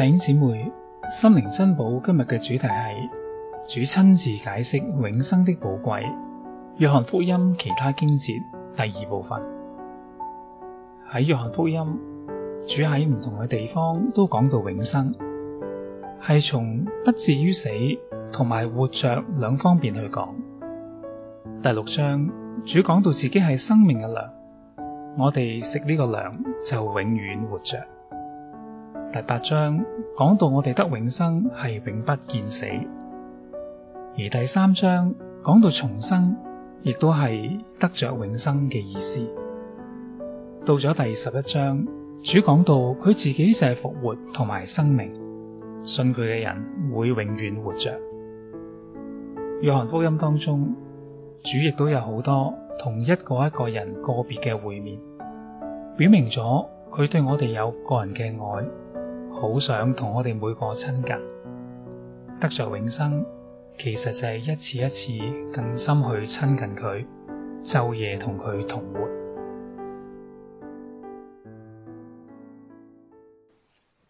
弟兄姊妹，心靈珍寶今日嘅主題係主親自解釋永生的寶貴。約翰福音其他經節第二部分。喺約翰福音，主喺唔同嘅地方都講到永生，係從不至於死同埋活着兩方面去講。第六章，主講到自己係生命嘅糧，我哋食呢個糧就永遠活着。第八章講到我哋得永生係永不見死，而第三章講到重生，亦都係得着永生嘅意思。到咗第十一章，主講到佢自己就係復活同埋生命，信佢嘅人會永遠活着。約翰福音當中，主亦都有好多同一個一個人個別嘅會面，表明咗佢對我哋有個人嘅愛。好想同我哋每個親近，得着永生，其實就係一次一次更深去親近佢，晝夜同佢同活。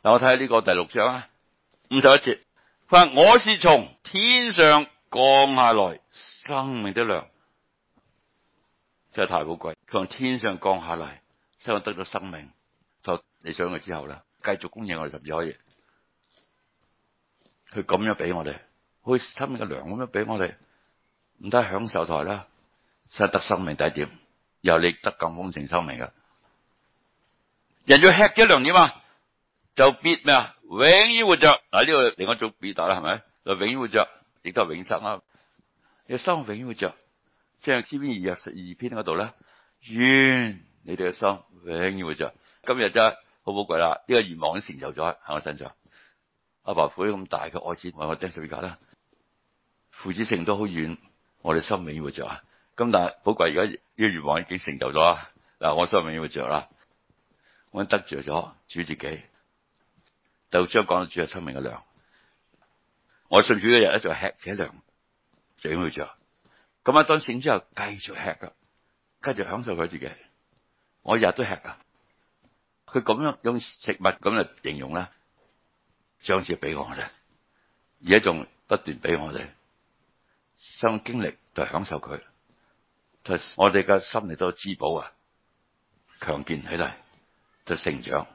嗱，我睇下呢個第六章啊，五十一節，佢話我是從天上降下來，生命的糧，真係太寶貴。佢從天上降下嚟，先我得到生命，就你上嘅之後啦。繼續供應我哋，甚至可以，佢咁樣俾我哋，好似吞個糧咁樣俾我哋，唔得享受台啦，實得生命第一點，又你得更豐盛生命噶，人要吃咗糧點啊，就必咩啊？永遠活着，嗱呢個另一種表達啦，係咪？就永遠活着，亦都係永生啦，你心永遠活着，即係詩篇二十二篇嗰度咧，願你哋嘅心永遠活着，今日就。好寶貴啦！呢、這個願望已經成就咗，喺我身上。阿爸，爸父咁大嘅愛子，我話丁少家啦，父子情都好遠。我哋生命永活着啊！咁但係寶貴而家呢個願望已經成就咗啦。嗱，我生命永活着啦，我得着咗主自己，就將講到主係生命嘅糧，我信主嘅日咧就吃佢嘅糧，最緊要着。咁啊，當醒之後繼續吃噶，繼續享受佢自己。我日日都吃噶。佢咁樣用食物咁嚟形容啦，將自己俾我哋，而家仲不斷俾我哋，將經歷就享受佢，就我哋嘅心裡都滋補啊，強健起嚟就成長，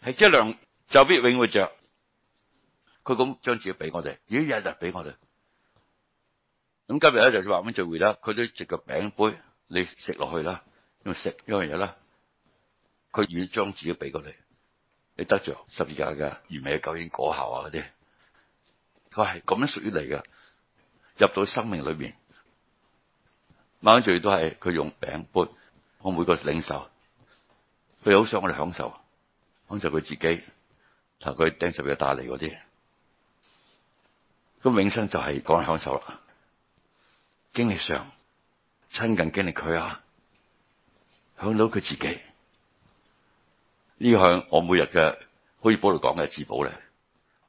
係呢糧就必永活着。佢咁將自己俾我哋，而家日日俾我哋，咁今日咧就話咁聚會啦，佢都食個餅杯，你食落去啦，用食呢樣嘢啦。佢願意將自己俾過你，你得着十字架嘅完美嘅救恩果效啊嗰啲，佢係咁樣屬於你噶，入到生命裏邊，萬罪都係佢用餅缽，我每個領受，佢好想我哋享受，享受佢自己，同佢釘十日帶嚟嗰啲，咁永生就係講享受啦，經歷上親近經歷佢啊，享到佢自己。呢個向我每日嘅好似保羅講嘅自保咧，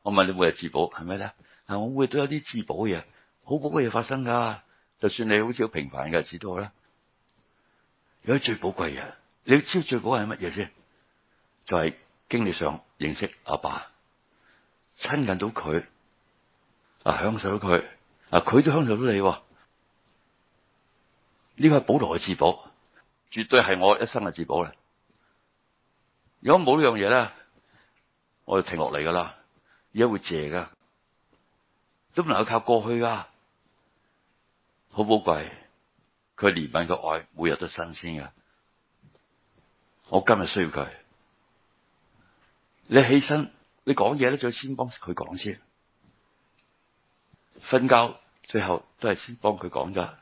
我問你每日自保係咩咧？啊，我每日都有啲自保嘢，好寶貴嘢發生噶。就算你好少平凡嘅，至多啦。有啲最寶貴嘅，你知最寶貴係乜嘢先？就係經歷上認識阿爸，親近到佢，啊享受到佢，啊佢都享受到你。呢個係保羅嘅自保，絕對係我一生嘅自保啦。如果冇呢樣嘢咧，我就停落嚟噶啦，而家會借噶，都唔能夠靠過去噶，好寶貴，佢憐憫嘅愛每日都新鮮噶，我今日需要佢，你起身你講嘢咧，就要先幫佢講先，瞓覺最後都係先幫佢講咋，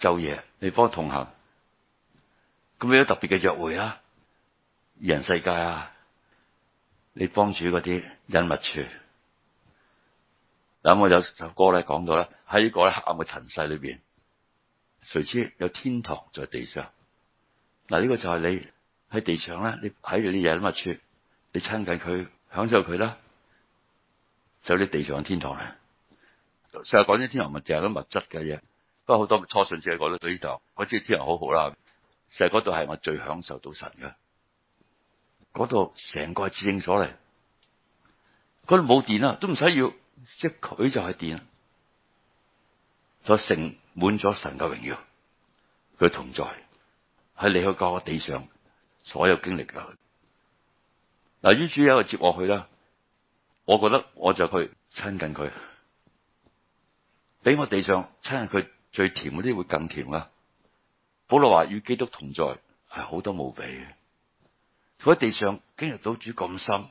晝夜你幫同行，咁你有啲特別嘅約會啦。二人世界啊！你幫住嗰啲隱密處嗱，我有首歌咧講到啦，喺呢個黑暗嘅塵世裏邊，誰知有天堂在地上嗱？呢個就係你喺地上咧，你喺住啲隱密處，你親近佢，享受佢啦，就啲地上嘅天堂啦。成日講啲天堂咪淨係啲物質嘅嘢，不過好多初信者講到到呢度，我知道天堂好好啦，成日嗰度係我最享受到神嘅。嗰度成個係至聖所嚟，佢冇電啦，都唔使要，即係佢就係電，就盛滿咗神嘅榮耀，佢同在喺你去過我地上所有經歷嘅，嗱，於主有又接我去啦，我覺得我就去親近佢，俾我地上親近佢最甜嗰啲會更甜啦。保羅話與基督同在係好多無比嘅。佢喺地上，經歷到主咁深，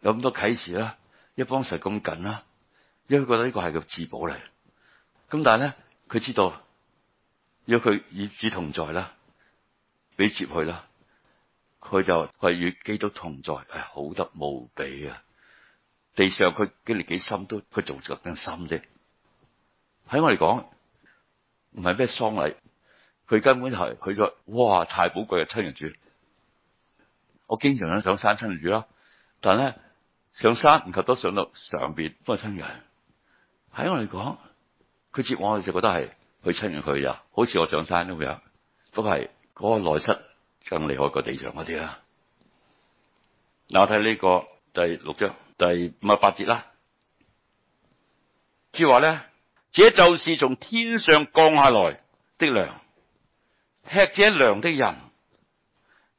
有咁多啟示啦，一幫實咁緊啦，因為佢覺得呢個係個至寶嚟。咁但係咧，佢知道，若佢與主同在啦，俾接去啦，佢就係與基督同在，係、哎、好得無比啊！地上佢經歷幾深都，佢仲着緊深啫。喺我嚟講，唔係咩喪禮，佢根本係佢就哇太寶貴嘅親人主。我經常想上山親住咯，但係咧，上山唔及都上到，上邊都係親人。喺我嚟講，佢接我，我就覺得係去親近佢呀，好似我上山咁樣，不過係嗰個內室更厲害過地上嗰啲啊。嗱，我睇呢個第六章第五八節啦，即係話咧，這就是從天上降下來的糧，吃這糧的人。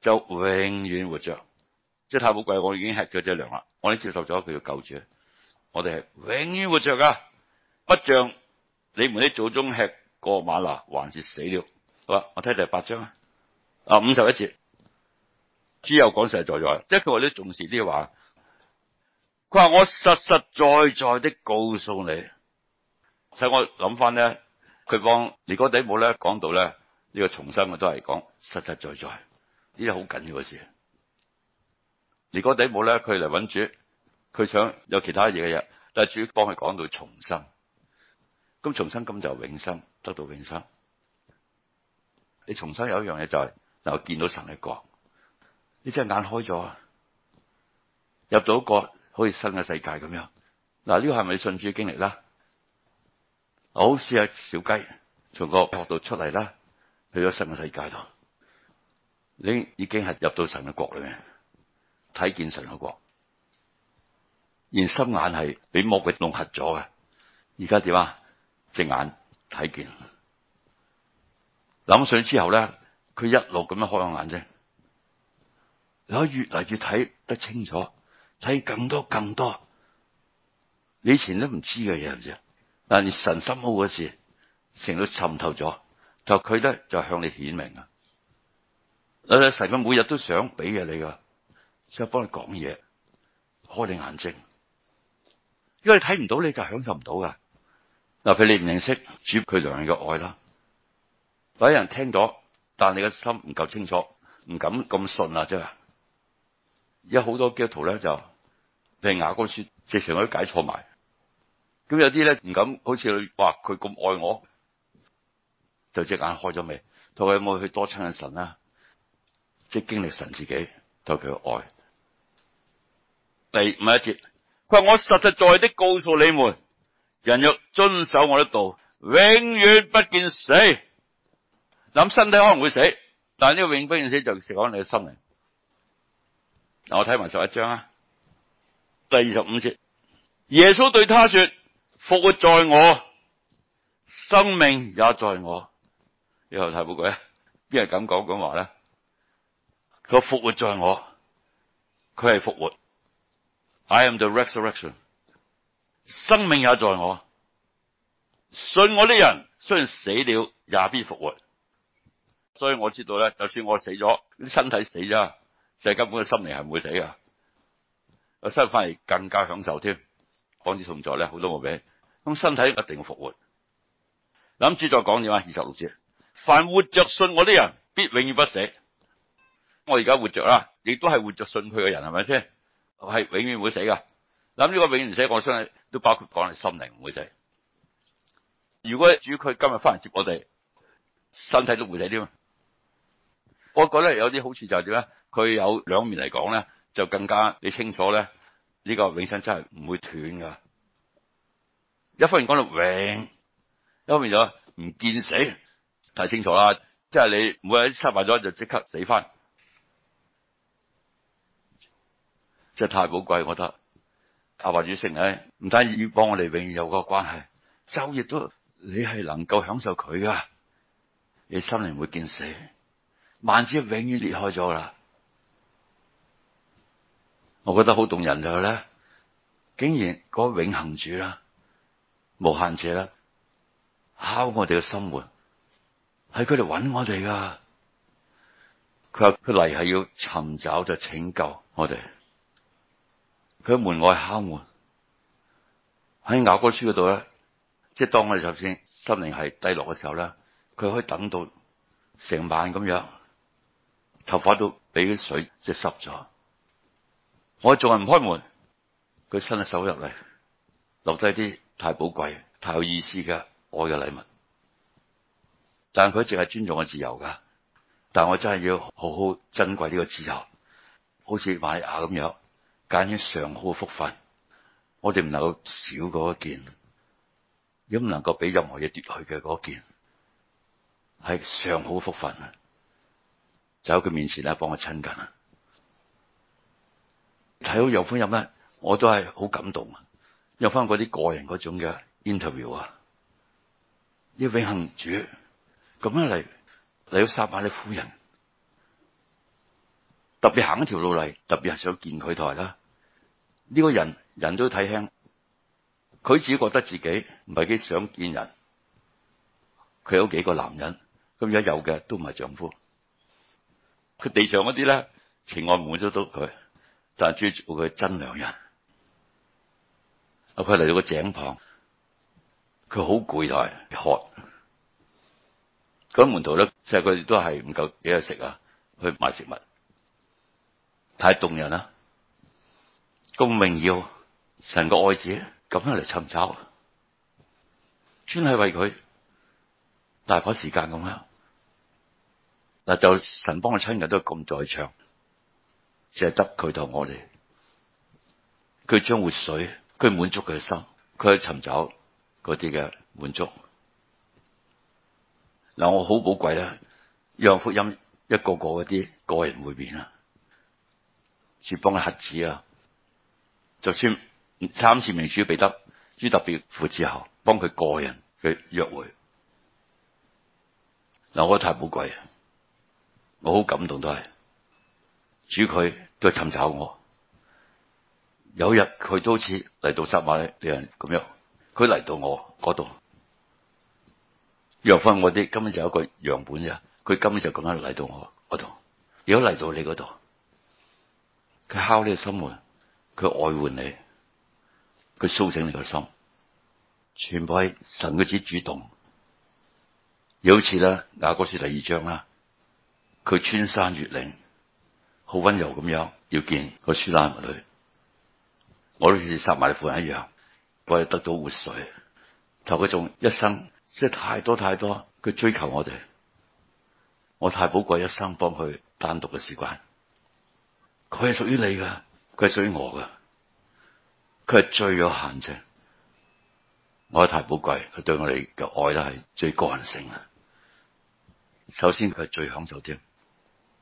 就永遠活着，即係太寶貴。我已經吃咗只糧啦，我已經接受咗佢嘅救主。我哋係永遠活着噶，不像你們啲祖宗吃過嗎哪還是死了。好啦，我睇第八章啊，啊五十一節，主有講實實在在，即係佢話都重視呢個話，佢話我實實在在的告訴你，使我諗翻呢，佢幫尼哥底母咧講到咧呢個重生嘅都係講實實在在。呢啲好緊要嘅事。尼哥底母咧，佢嚟揾主，佢想有其他嘢嘅嘢，但係主幫佢講到重生。咁重生咁就永生，得到永生。你重生有一樣嘢就係、是，嗱我見到神嘅國，你即係眼開咗啊！入到一個好似新嘅世界咁樣。嗱呢個係咪信主嘅經歷啦？好似係小雞從個殼度出嚟啦，去咗新嘅世界度。你已經係入到神嘅國裏面，睇見神嘅國。然心眼係俾魔鬼弄瞎咗嘅。而家點啊？隻眼睇見，諗想上去之後咧，佢一路咁樣開個眼，你可越嚟越睇得清楚，睇更多更多。你以前都唔知嘅嘢，嗱，神深奧嘅事，成日都參透咗，就佢咧就向你顯明啊。神佢每日都想俾嘢你噶，想幫你講嘢，開你眼睛。因為你睇唔到你就享受唔到噶。嗱，譬如你唔認識主佢良人嘅愛啦，有啲人聽咗，但你嘅心唔夠清楚，唔敢咁信啦，即係。有好多基督徒咧就，譬如雅各書直情佢解錯埋，咁有啲咧唔敢，好似佢話佢咁愛我，就隻眼開咗未？同佢有冇去多親近神啊？即係經歷神自己，代表愛。第五一節，佢話：我實實在在的告訴你們，人若遵守我的道，永遠不見死。諗身體可能會死，但呢個永不見死就係講你嘅心靈。嗱，我睇埋十一章啊，第二十五節，耶穌對他說：復活在我，生命也在我。你話睇唔睇到啊？邊人咁講咁話咧？佢復活在我，佢係復活。I am the resurrection。生命也在我。信我的人雖然死了，也必復活。所以我知道咧，就算我死咗，啲身體死咗，但係根本嘅心靈係唔會死噶。我生翻嚟更加享受添。講啲創作咧，好多我俾。咁身體一定復活。諗住再講點啊？二十六節，凡活着信我的人，必永遠不死。我而家活着啦，亦都係活着信佢嘅人，係咪先？係永遠唔會死噶。諗呢個永遠唔死，我相信都包括講係心靈唔會死。如果主佢今日翻嚟接我哋，身體都唔會死添。我覺得有啲好處就係點咧？佢有兩面嚟講咧，就更加你清楚咧呢、這個永生真係唔會斷噶。一方面講到永，一方面就唔見死，睇清楚啦。即係你每日喺失敗咗就即刻死翻。真係太寶貴，我覺得阿華主席咧，唔單止要幫我哋，永遠有個關係，晝夜都你係能夠享受佢噶，你心靈會見死，幔子永遠裂開咗啦。我覺得好動人就係咧，竟然嗰永恆主啦，無限者啦，敲我哋嘅生活，係佢哋揾我哋噶，佢話佢嚟係要尋找就拯救我哋。佢喺門外敲門，喺雅歌書嗰度咧，即係當我哋頭先心靈係低落嘅時候咧，佢可以等到成晚咁樣，頭髮都俾啲水即係濕咗，我仲係唔開門，佢伸下手入嚟，落低啲太寶貴、太有意思嘅愛嘅禮物，但係佢淨係尊重我自由噶，但我真係要好好珍貴呢個自由，好似瑪利亞咁樣。揀咗上好嘅福分，我哋唔能夠少嗰一件，亦唔能夠俾任何嘢奪去嘅嗰件，係上好嘅福分啊！就喺佢面前咧，幫我親近啊！睇到有翻有乜，我都係好感動啊！有翻嗰啲個人嗰種嘅 interview 啊，要永恆主咁樣嚟嚟到撒瑪利亞婦人，特別行一條路嚟，特別係想見佢台啦。呢個人人都睇輕，佢自己覺得自己唔係幾想見人。佢有幾個男人，咁而家有嘅都唔係丈夫。佢地上嗰啲咧，情愛滿足到佢，但最做嘅真良人。佢嚟到個井旁，佢好攰就係渴。佢啲門徒咧，即係佢哋都係唔夠幾多食啊，去買食物。太凍人啦～咁榮耀，成個愛子咁樣嚟尋找，專係為佢大把時間咁樣。嗱，就神幫嘅親人都咁在場，淨係得佢同我哋。佢將活水，佢滿足佢嘅心，佢去尋找嗰啲嘅滿足。嗱，我好寶貴啦，讓福音一個個啲個個人會面啦，主幫嘅孩子啊。就算三次為主彼得主特別苦之後，幫佢個人去約會嗱、啊，我太寶貴，我好感動都係主佢都係尋找我。有一日佢都似嚟到撒馬利人咁樣，佢嚟到我嗰度約翻我啲，根本就一個樣本啫。佢根本就咁樣嚟到我嗰度，如果嚟到你嗰度，佢敲你嘅心門。佢愛護你，佢蘇醒你個心，全部係神嘅主主動。又好似啦雅各第二章啦，佢穿山越嶺，好溫柔咁樣要見個舒難女。我都似撒瑪利亞婦人一樣，為得到活水，求佢種一生，即係太多太多。佢追求我哋，我太寶貴一生幫佢單獨嘅時間，佢係屬於你嘅。佢係屬於我噶，佢係最有限制，我太寶貴，佢對我哋嘅愛咧係最個人性啊！首先佢係最享受啲。